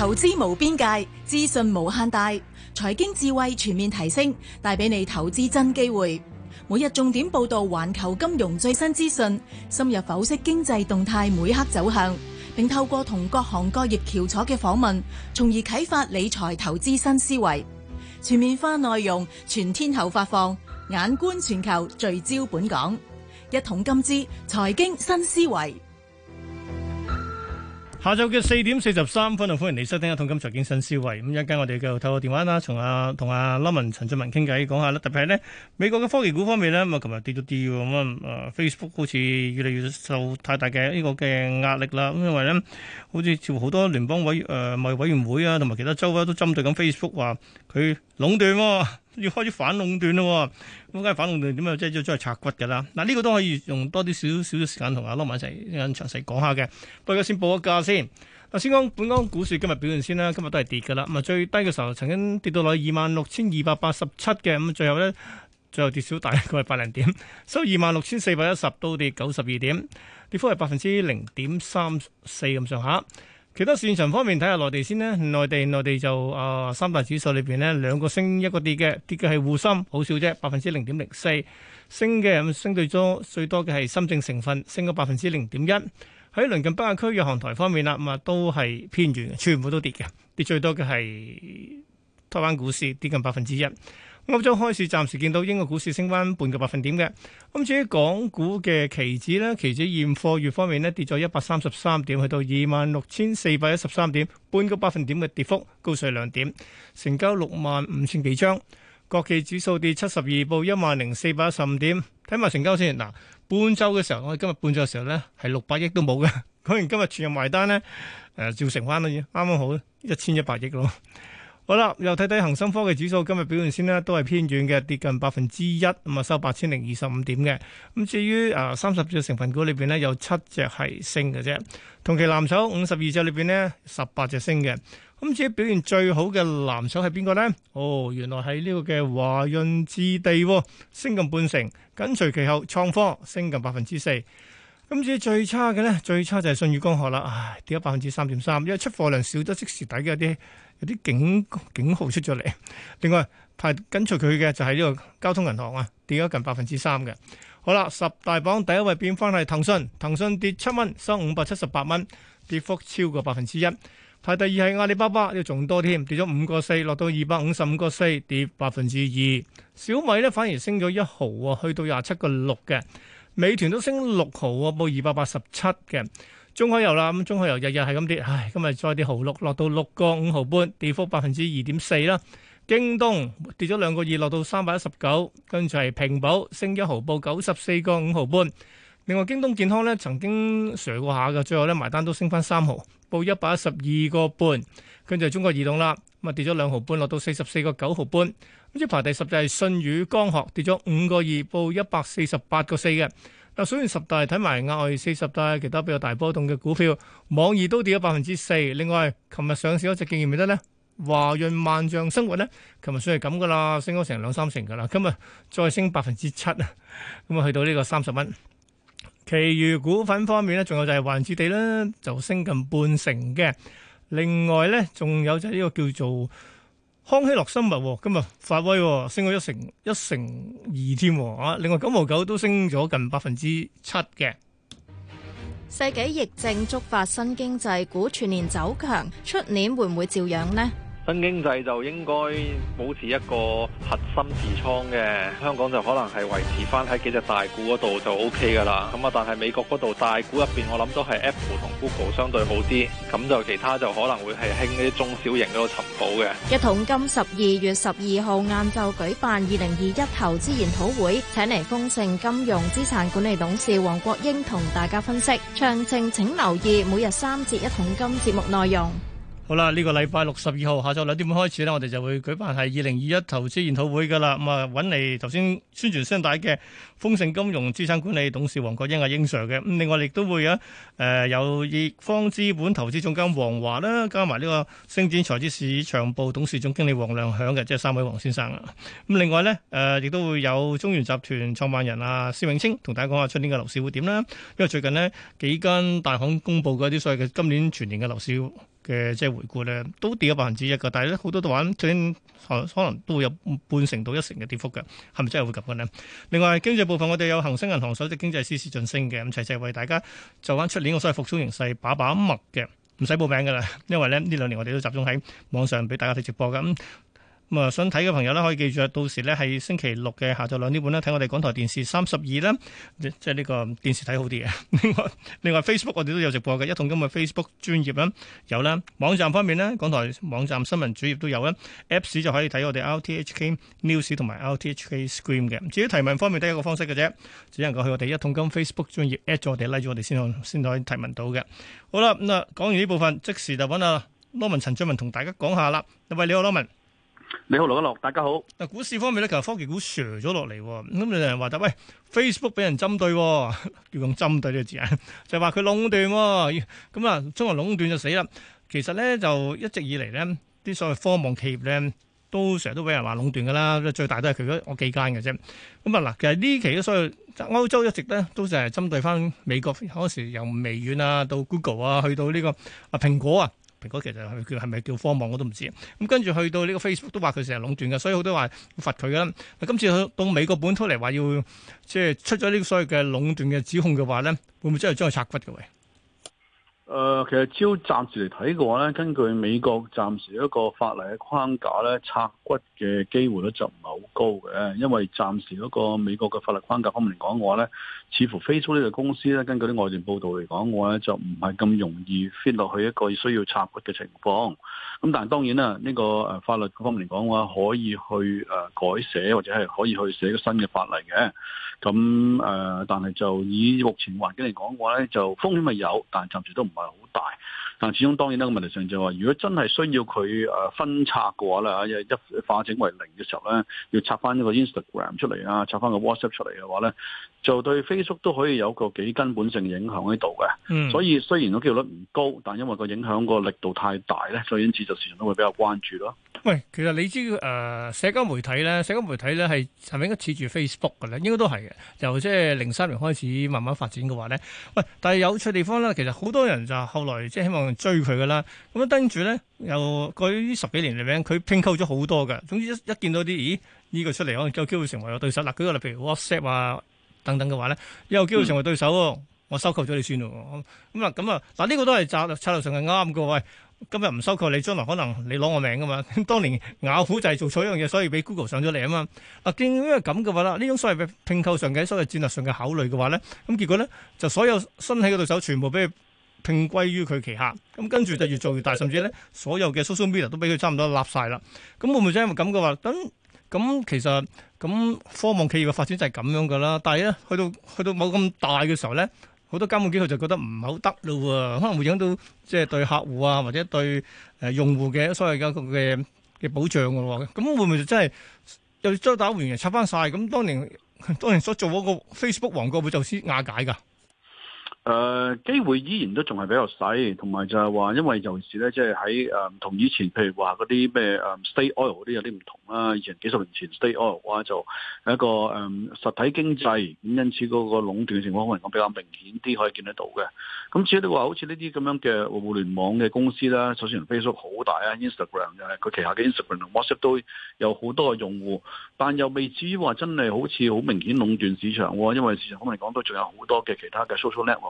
投資無邊界，資訊無限大，財經智慧全面提升，帶俾你投資真機會。每日重點報道環球金融最新資訊，深入剖析經濟動態每刻走向，並透過同各行各業翹楚嘅訪問，從而啟發理財投資新思維。全面化內容，全天候發放，眼觀全球，聚焦本港，一統金資，財經新思維。下晝嘅四點四十三分，歡迎嚟收聽《一桶金財經新思維》。咁一陣間我哋繼續透過電話啦，同阿同阿 l i 文陳俊文傾偈，講下啦。特別係呢美國嘅科技股方面呢，咁、嗯、啊，琴日跌到啲咁啊，Facebook 好似越嚟越受太大嘅呢個嘅壓力啦。咁因為呢好似似乎好多聯邦委誒、呃、貿易委員會啊，同埋其他州、啊、都針對緊 Facebook 話。佢壟斷喎，要開始反壟斷咯。咁梗係反壟斷點樣，點啊？即係再再拆骨嘅啦。嗱，呢個都可以用多啲少少少時間同阿羅埋一陣詳細講下嘅。不過先報個價先。嗱，先講本港股市今日表現先啦。今日都係跌嘅啦。咁啊，最低嘅時候曾經跌到落二萬六千二百八十七嘅。咁最後咧，最後跌少大概百零點，收二萬六千四百一十，倒跌九十二點，跌幅係百分之零點三四咁上下。其他市場方面睇下內地先咧，內地內地就啊、呃、三大指數裏面呢兩個升一個跌嘅，跌嘅係滬深，好少啫，百分之零點零四。升嘅咁升最多最多嘅係深圳成分，升咗百分之零點一。喺鄰近北亞區嘅韓台方面啦，咁啊都係偏軟，全部都跌嘅，跌最多嘅係台灣股市跌近百分之一。歐洲開市暫時見到英國股市升翻半個百分點嘅。咁至於港股嘅期指咧，期指現貨月方面咧跌咗一百三十三點，去到二萬六千四百一十三點，半個百分點嘅跌幅，高水兩點，成交六萬五千幾張。國企指數跌七十二，報一萬零四百一十五點。睇埋成交先，嗱，半周嘅時候，我哋今日半日嘅時候咧係六百億都冇嘅。講完今日全日埋單咧，誒、呃，照成翻啦，啱啱好一千一百億咯。好啦，又睇睇恒生科嘅指數今日表現先啦，都係偏軟嘅，跌近百分之一，咁啊收八千零二十五點嘅。咁至於誒三十隻成份股裏邊咧，有七隻係升嘅啫。同期藍籌五十二隻裏邊咧，十八隻升嘅。咁至於表現最好嘅藍籌係邊個咧？哦，原來係呢個嘅華潤置地，升近半成。緊隨其後，創科升近百分之四。咁至於最差嘅咧，最差就係舜宇光學啦，唉，跌咗百分之三點三，因為出貨量少得即時抵嘅啲。有啲警警號出咗嚟，另外排跟隨佢嘅就係呢個交通銀行啊，跌咗近百分之三嘅。好啦，十大榜第一位變翻係騰訊，騰訊跌七蚊，收五百七十八蚊，跌幅超過百分之一。排第二係阿里巴巴，要仲多添，跌咗五個四，落到二百五十五個四，跌百分之二。小米咧反而升咗一毫啊，去到廿七個六嘅。美團都升六毫啊，報二百八十七嘅。中海油啦，咁中海油日日係咁跌，唉，今日再跌毫六，落到六個五毫半，跌幅百分之二點四啦。京東跌咗兩個二，落到三百一十九，跟住係平保升一毫，報九十四個五毫半。另外，京東健康咧曾經上過下嘅，最後咧埋單都升返三毫，報一百一十二個半。跟住係中國移動啦，咁啊跌咗兩毫半，落到四十四個九毫半。咁即排第十就係信宇光學，跌咗五個二，報一百四十八個四嘅。所以十大睇埋額外四十大，其他比較大波動嘅股票，網易都跌咗百分之四。另外，琴日上市嗰隻竟然唔得咧，華潤萬象生活咧，琴日算係咁噶啦，升咗成兩三成噶啦，今日再升百分之七啊，咁啊去到呢個三十蚊。其餘股份方面咧，仲有就係環置地咧，就升近半成嘅。另外咧，仲有就係呢個叫做。康希諾生物今日發威，升咗一成，一成二添啊！另外九毛九都升咗近百分之七嘅。世紀疫症觸發新經濟股全年走強，出年會唔會照樣呢？新經濟就應該保持一個核心持倉嘅，香港就可能係維持翻喺幾隻大股嗰度就 OK 噶啦。咁啊，但係美國嗰度大股入面，我諗都係 Apple 同 Google 相對好啲，咁就其他就可能會係興啲中小型嗰度尋寶嘅。一桶金十二月十二號晏晝舉辦二零二一投資研討會，請嚟豐盛金融資產管理董事黃國英同大家分析詳情。請留意每日三節一桶金節目內容。好啦，呢個禮拜六十二號下晝兩點半開始呢我哋就會舉辦係二零二一投資研討會噶啦。咁啊，揾嚟頭先宣傳聲帶嘅豐盛金融資產管理董事黃國英啊，英 Sir 嘅。咁另外，亦都會啊誒，有易方資本投資總監黃華啦，加埋呢個星展財資市場部董事總經理黃亮響嘅，即係三位黃先生啊。咁另外呢，誒，亦都會有中原集團創辦人啊，施永青同大家講下出年嘅樓市會點啦。因為最近呢，幾間大行公布嘅一啲所謂嘅今年全年嘅樓市。嘅即係回顧咧，都跌咗百分之一嘅。但係咧好多都玩，最可能都會有半成到一成嘅跌幅嘅，係咪真係會咁嘅呢？另外經濟部分，我哋有恒生銀行首席經濟師施俊升嘅，咁，齊齊為大家做翻出年嘅所謂復甦形勢把把脈嘅，唔使報名㗎啦，因為咧呢兩年我哋都集中喺網上俾大家睇直播㗎。咁啊，想睇嘅朋友咧，可以記住啊，到時咧係星期六嘅下晝兩點半咧，睇我哋港台電視三十二咧，即係呢個電視睇好啲嘅。另外，另外 Facebook 我哋都有直播嘅，一桶金嘅 Facebook 專業啦，有啦。網站方面咧，港台網站新聞主頁都有啦。Apps 就可以睇我哋 RTHK News 同埋 RTHK Screen 嘅。至於提問方面，都係一個方式嘅啫，只能夠去我哋一桶金 Facebook 專業 at 咗我哋拉住我哋先可先可以提問到嘅。好啦，咁啊，講完呢部分，即時就揾阿 Norman 陳俊文同大家講下啦。喂，你好，Norman。你好，羅一樂，大家好。嗱，股市方面咧，其實科技股衰咗落嚟，咁你哋人話，但喂，Facebook 俾人針對，要用針對呢個字，就話佢壟斷，咁啊，中國壟斷就死啦。其實咧，就一直以嚟咧，啲所謂科網企業咧，都成日都俾人話壟斷噶啦，最大都係佢嗰我幾間嘅啫。咁啊嗱，其實呢期嘅所謂歐洲一直咧，都成日針對翻美國，嗰時由微軟啊，到 Google 啊，去到呢個啊蘋果啊。蘋果其實係叫係咪叫科網我都唔知。咁跟住去到呢個 Facebook 都話佢成日壟斷嘅，所以好多話罰佢啦。今次去到美國本土嚟，話要即係出咗呢個所謂嘅壟斷嘅指控嘅話咧，會唔會真係將佢拆骨嘅喂。誒、呃，其實超要暫時嚟睇嘅話咧，根據美國暫時一個法例嘅框架咧，拆骨嘅機會咧就唔係好高嘅，因為暫時嗰個美國嘅法律框架方面嚟講，我咧似乎 Facebook 呢個公司咧，根據啲外電報道嚟講，我咧就唔係咁容易 fit 落去一個需要拆骨嘅情況。咁但係當然啦，呢個誒法律方面嚟講嘅話，可以去誒改寫或者係可以去寫個新嘅法例嘅。咁誒，但係就以目前環境嚟講嘅話咧，就風險係有，但係暫時都唔係好大。但始終當然呢個問題上就話，是，如果真係需要佢分拆嘅話咧，一化整為零嘅時候咧，要拆翻呢個 Instagram 出嚟啊，拆翻個 WhatsApp 出嚟嘅話咧，就對 Facebook 都可以有個幾個根本性影響喺度嘅。所以雖然啲交易率唔高，但因為個影響個力度太大咧，所以因此就市場都會比較關注咯。喂，其實你知誒社交媒體咧，社交媒體咧係係咪應該似住 Facebook 嘅咧？應該都係嘅。由即係零三年開始慢慢發展嘅話咧，喂，但係有趣地方咧，其實好多人就後來即係希望。追佢噶啦，咁啊跟住咧又佢呢十幾年嚟咧，佢拼購咗好多嘅。總之一一見到啲，咦呢、呢個出嚟可能有機會成為我對手。嗱，舉個例，譬如 WhatsApp 啊等等嘅話咧，有機會成為對手喎、嗯。我收購咗你算咯。咁啊咁啊，嗱呢個都係策略上係啱嘅。喂，今日唔收購你，將來可能你攞我名噶嘛。當年雅虎就係做錯一樣嘢，所以俾 Google 上咗嚟啊嘛。嗱，正因為咁嘅話啦，呢種所謂嘅拼購上嘅、所謂戰略上嘅考慮嘅話咧，咁結果咧就所有新起嘅對手全部俾。拼歸於佢旗下，咁跟住就越做越大，甚至咧所有嘅 social media 都俾佢差唔多立晒啦。咁會唔會真係咁嘅話？咁、嗯、咁、嗯、其實咁、嗯、科網企業嘅發展就係咁樣噶啦。但係咧，去到去到冇咁大嘅時候咧，好多監管機構就覺得唔係好得咯喎，可能會影響到即係對客戶啊，或者對誒、呃、用戶嘅所謂嘅嘅嘅保障噶、啊、咯。咁會唔會就真、是、係又將打會員拆翻晒？咁當年當年所做嗰個 Facebook 王國會就先瓦解噶？誒、uh，機會依然都仲係比較細，同埋就係話，因為尤其是咧，即係喺誒同以前，譬如話嗰啲咩 state oil 嗰啲有啲唔同啦。以前幾十年前 state oil 話、啊、就一個誒、嗯、實體經濟，咁因此嗰個壟斷情況可能講比較明顯啲，可以見得到嘅。咁至於你話好似呢啲咁樣嘅互聯網嘅公司啦，首先 Facebook 好大 Instagram，啊，Instagram 就係佢旗下嘅 Instagram 同 WhatsApp 都有好多嘅用戶，但又未至於話真係好似好明顯壟斷市場喎、啊。因為市場可能講都仲有好多嘅其他嘅 social network。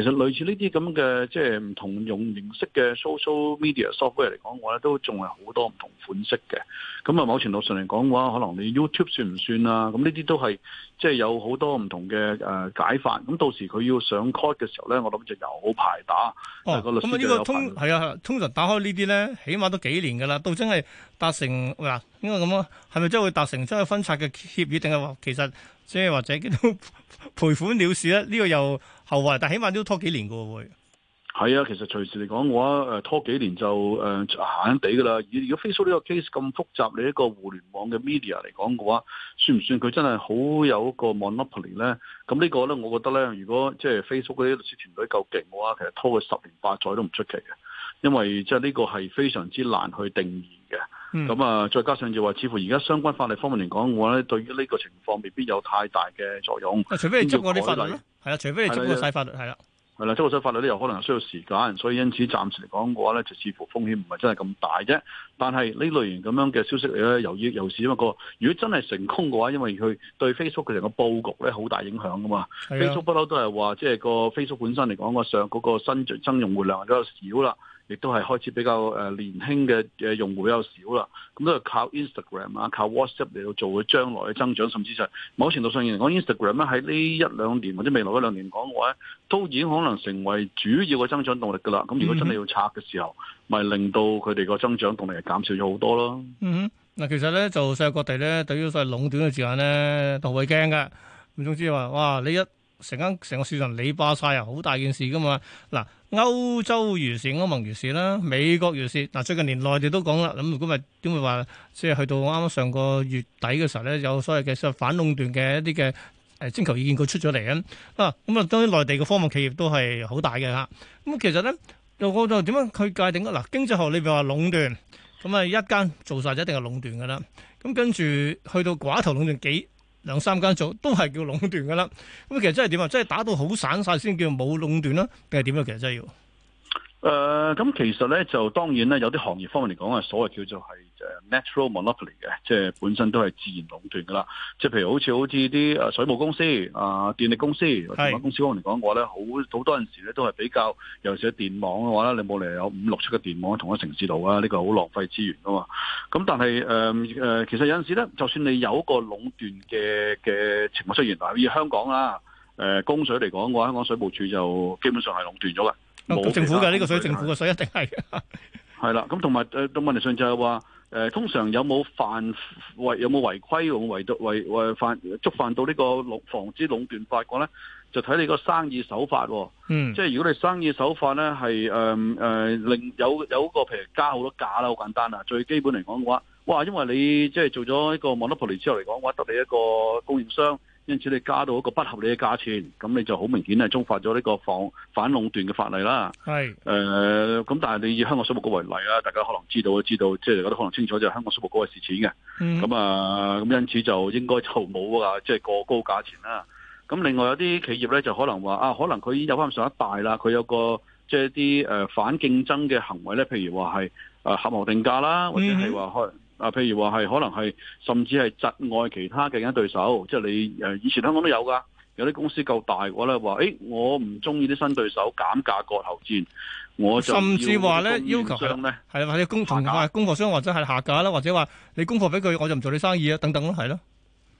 其實類似呢啲咁嘅，即係唔同用形式嘅 social media software 嚟講嘅話咧，都仲係好多唔同款式嘅。咁啊，某程度上嚟講嘅話，可能你 YouTube 算唔算啊？咁呢啲都係即係有好多唔同嘅誒解法。咁到時佢要上 court 嘅時候咧，我諗就又有排打。咁、哦、啊，呢、哦、個通係啊，通常打開這些呢啲咧，起碼都幾年㗎喇。到真係達成嗱，應該咁啊，係咪真係會達成真係分拆嘅協議？定係話其實即係或者叫 賠款了事咧？呢、這個又？後話，但起碼都要拖幾年嘅會。係啊，其實隨時嚟講嘅話，誒拖幾年就誒閒啲噶啦。而、呃、如果 Facebook 呢個 case 咁複雜，你一個互聯網嘅 media 嚟講嘅話，算唔算佢真係好有一個 monopoly 咧？咁呢個咧，我覺得咧，如果即係 Facebook 嗰啲律師團隊夠勁嘅話，其實拖佢十年八載都唔出奇嘅，因為即係呢個係非常之難去定義。咁、嗯、啊，再加上就話，似乎而家相關法律方面嚟講嘅話咧，對於呢個情況未必有太大嘅作用。除非你執過啲法律，係啊，除非你做過啲法律，係啦，係啦，執嗰啲法律呢又可能需要時間，所以因此暫時嚟講嘅話咧，就似乎風險唔係真係咁大啫。但係呢類型咁樣嘅消息嚟咧，由於由因啊個，如果真係成功嘅話，因為佢對 Facebook 其實個布局咧好大影響噶嘛。Facebook 不嬲都係話，即係個 Facebook 本身嚟講個上嗰個新增用戶量都少啦。亦都係開始比較誒年輕嘅嘅用戶比較少啦，咁都係靠 Instagram 啊，靠 WhatsApp 嚟到做嘅將來嘅增長，甚至係某程度上嚟講，Instagram 咧喺呢一兩年或者未來嗰兩年講嘅話，都已經可能成為主要嘅增長動力噶啦。咁如果真係要拆嘅時候，咪、嗯、令到佢哋個增長動力減少咗好多咯。嗯哼，嗱，其實咧就世界各地咧對於所謂壟斷嘅時間咧，都會驚㗎。咁總之話，哇，呢一成間成個市場你霸晒啊，好大件事噶嘛！嗱，歐洲如是，歐盟如是啦，美國如是。嗱，最近連內地都講啦。咁如果咪點會話，即係去到啱啱上個月底嘅時候咧，有所謂嘅反壟斷嘅一啲嘅誒徵求意見，佢出咗嚟啊！啊，咁啊，當然內地嘅科貿企業都係好大嘅嚇。咁、啊、其實咧，我就點樣去界定嗱、啊？經濟學裏邊話壟斷，咁啊一間做晒就一定係壟斷噶啦。咁、啊、跟住去到寡頭壟斷幾？兩三間組都係做都係叫壟斷㗎啦，咁其實真係點啊？真係打到好散晒先叫冇壟斷啦，定係點啊？其實真係要。誒、呃，咁其實咧就當然咧，有啲行業方面嚟講係所謂叫做係誒 natural monopoly 嘅，即係本身都係自然壟斷噶啦。即係譬如好似好似啲誒水務公司、啊電力公司、電話公司方面嚟講嘅話咧，好好多陣時咧都係比較，尤其係電網嘅話咧，你冇理由有五六七嘅電網同一城市度啊，呢、呢個好浪費資源噶嘛。咁但係誒誒，其實有陣時咧，就算你有個壟斷嘅嘅情況，出現例如香港啦、啊，誒、呃、供水嚟講，嘅話香港水務處就基本上係壟斷咗嘅。冇政府嘅呢、這個水，政府嘅水一定係係啦。咁同埋到問題上就係、是、話、呃、通常有冇犯有冇違規用違犯觸犯到呢個防止壟斷法講咧，就睇你個生意手法、哦。嗯，即係如果你生意手法咧係誒令有有，有個譬如加好多價啦，好簡單啊。最基本嚟講嘅話，哇，因為你即係做咗一個 Monopoly 之後嚟講嘅話，得你一個供應商。因此你加到一個不合理嘅價錢，咁你就好明顯係觸發咗呢個反反壟斷嘅法例啦。係，誒、呃，咁但係你以香港水務局為例啦，大家可能知道都知道，即係我哋可能清楚，就係香港水務局嘅事前嘅。嗯。咁、嗯、啊，咁因此就應該就冇啊，即、就、係、是、過高價錢啦。咁另外有啲企業咧就可能話啊，可能佢已經有翻上一代啦，佢有一個即係啲誒反競爭嘅行為咧，譬如話係誒合謀定價啦，或者係話可能。啊，譬如話係，可能係甚至係窒礙其他嘅競爭對手，即係你誒以前香港都有㗎，有啲公司夠大嘅話咧，話、欸、我唔中意啲新對手減價過頭戰，我就甚至話咧要求上咧，係或者供同埋供貨商或者係下架啦，或者話你供貨俾佢，我就唔做你生意啊，等等咯，係咯，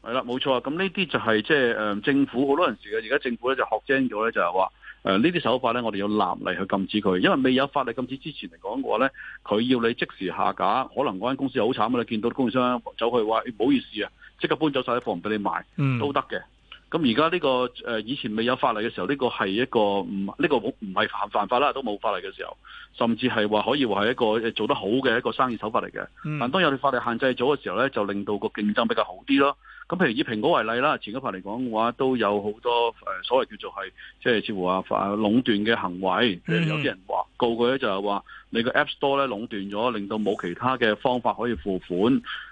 係啦，冇錯啊，咁呢啲就係即係誒政府好多陣時嘅，而家政府咧就學精咗咧，就係話。誒，呢啲手法咧，我哋要立例去禁止佢，因為未有法律禁止之前嚟講嘅話咧，佢要你即時下架，可能嗰間公司好慘啊，你見到啲供應商走去話，唔好意思啊，即刻搬走晒啲貨唔俾你賣，嗯，都得嘅。咁而家呢個誒、呃、以前未有法例嘅時候，呢、這個係一個唔呢、這個冇唔係犯犯法啦，都冇法例嘅時候，甚至係話可以話係一個做得好嘅一個生意手法嚟嘅、嗯。但當有啲法律限制咗嘅時候咧，就令到個競爭比較好啲咯。咁譬如以蘋果為例啦，前一排嚟講嘅話都有好多誒、呃、所謂叫做係即係似乎話壟斷嘅行為，即、嗯、有啲人。告佢咧就係話你個 App Store 咧壟斷咗，令到冇其他嘅方法可以付款。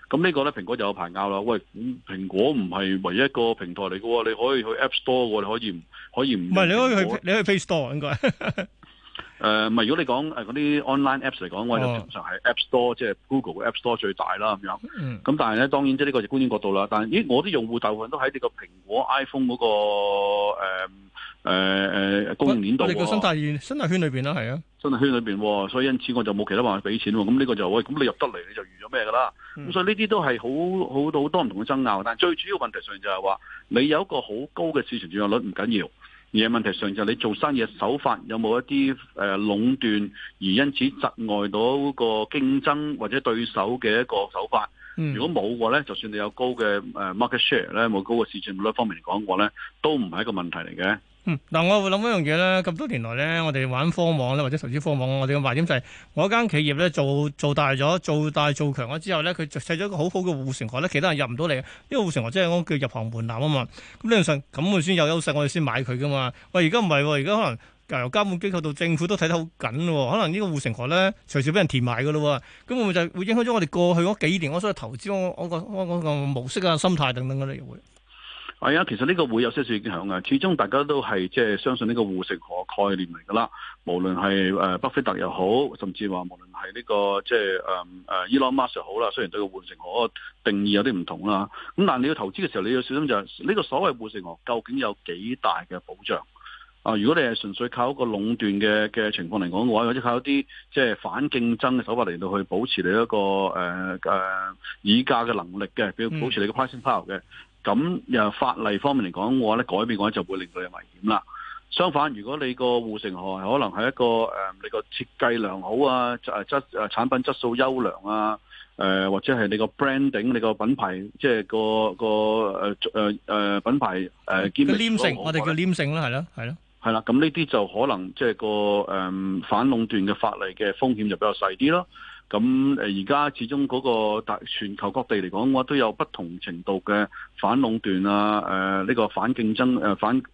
咁呢個咧蘋果就有排拗啦。喂，蘋果唔係唯一一個平台嚟嘅喎，你可以去 App Store 喎，你可以可以唔唔係你可以去你去 Face Store 應該。誒、呃，唔係，如果你講誒嗰啲 online apps 嚟講，我就通常係 App Store，即係 Google 嘅 App Store 最大啦，咁、嗯、樣。咁、嗯、但係咧，當然即係呢個就觀點角度啦。但係咦，我啲用戶大部分都喺呢個蘋果 iPhone 嗰、那個誒誒誒，供應鏈度咯、啊。個生態圈生態圈裏邊啦，係啊，生態、啊、圈裏邊、啊，所以因此我就冇其他話俾錢、啊。咁、嗯、呢、嗯、個就喂，咁你入得嚟，你就預咗咩噶啦？咁、嗯、所以呢啲都係好好好多唔同嘅爭拗。但係最主要問題上就係話，你有一個好高嘅市場佔有率，唔緊要。而問題上就係你做生意手法有冇一啲誒壟斷，而因此窒礙到個競爭或者對手嘅一個手法。嗯、如果冇嘅話咧，就算你有高嘅 market share 咧，冇高嘅市場率方面嚟講嘅咧，都唔係一個問題嚟嘅。嗯，嗱，我會諗一樣嘢咧。咁多年來咧，我哋玩科網咧，或者投資科網，我哋嘅賣點就係、是，我間企業咧做做大咗，做大，做，大做強咗之後咧，佢就砌咗個好好嘅護城河咧，其他人入唔到嚟。呢個護城河即係我叫入行門檻啊嘛。咁呢樣上咁我先有優勢，我哋先買佢噶嘛。喂，而家唔係喎，而家可能由監管機構到政府都睇得好緊喎。可能呢個護城河咧隨時俾人填埋噶咯。咁會唔會就係會影響咗我哋過去嗰幾年我所投資我、那、我個我、那個那個模式啊、心態等等嗰係啊，其實呢個會有些少影響嘅。始終大家都係即係相信呢個護城河概念嚟噶啦。無論係誒巴菲特又好，甚至話無論係呢個即係誒誒伊隆馬斯克又好啦。雖然對個護城河定義有啲唔同啦。咁但係你要投資嘅時候，你要小心就係呢個所謂護城河究竟有幾大嘅保障啊？如果你係純粹靠一個壟斷嘅嘅情況嚟講嘅話，或者靠一啲即係反競爭嘅手法嚟到去保持你的一個誒誒議價嘅能力嘅，叫保持你嘅 pricing power 嘅。嗯咁誒法例方面嚟講，我咧改變嘅話就會令到有危險啦。相反，如果你個護城河可能係一個誒，你個設計良好啊，質產品質素優良啊，誒、呃、或者係你個 branding，你個品牌即係個個誒、呃、品牌誒堅。個、呃、黏性，我哋叫「黏性」啦，係咯，係咯，係啦。咁呢啲就可能即係個誒反壟斷嘅法例嘅風險就比較細啲咯。咁誒而家始終嗰個大全球各地嚟講嘅話，都有不同程度嘅。反壟斷啊，誒、呃、呢、這個反競爭誒、呃、反誒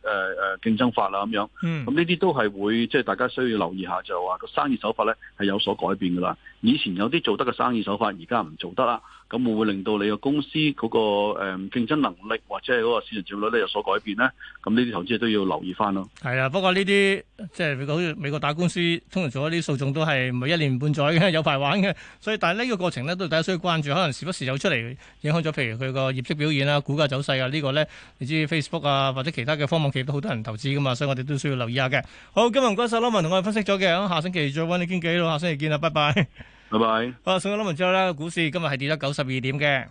誒競爭法啦、啊、咁樣，咁呢啲都係會即係大家需要留意一下就說，就話個生意手法咧係有所改變噶啦。以前有啲做得嘅生意手法，而家唔做得啦，咁會唔會令到你個公司嗰、那個誒競、呃、爭能力或者係嗰個市場佔率咧有所改變咧？咁呢啲投資都要留意翻咯。係啊，不過呢啲即係美國美國打官司通常做一啲訴訟都係唔係一年半載嘅，有排玩嘅。所以但係呢個過程咧都大家需要關注，可能時不時有出嚟影響咗，譬如佢個業績表現啦。股價走勢啊，這個、呢個咧你知 Facebook 啊或者其他嘅科網企業都好多人投資噶嘛，所以我哋都需要留意下嘅。好，今日唔該曬，俊文同我哋分析咗嘅，咁、啊、下星期再揾你傾偈咯，下星期見啦，拜拜，拜拜。好、啊，送咗俊文之後咧，股市今日係跌咗九十二點嘅。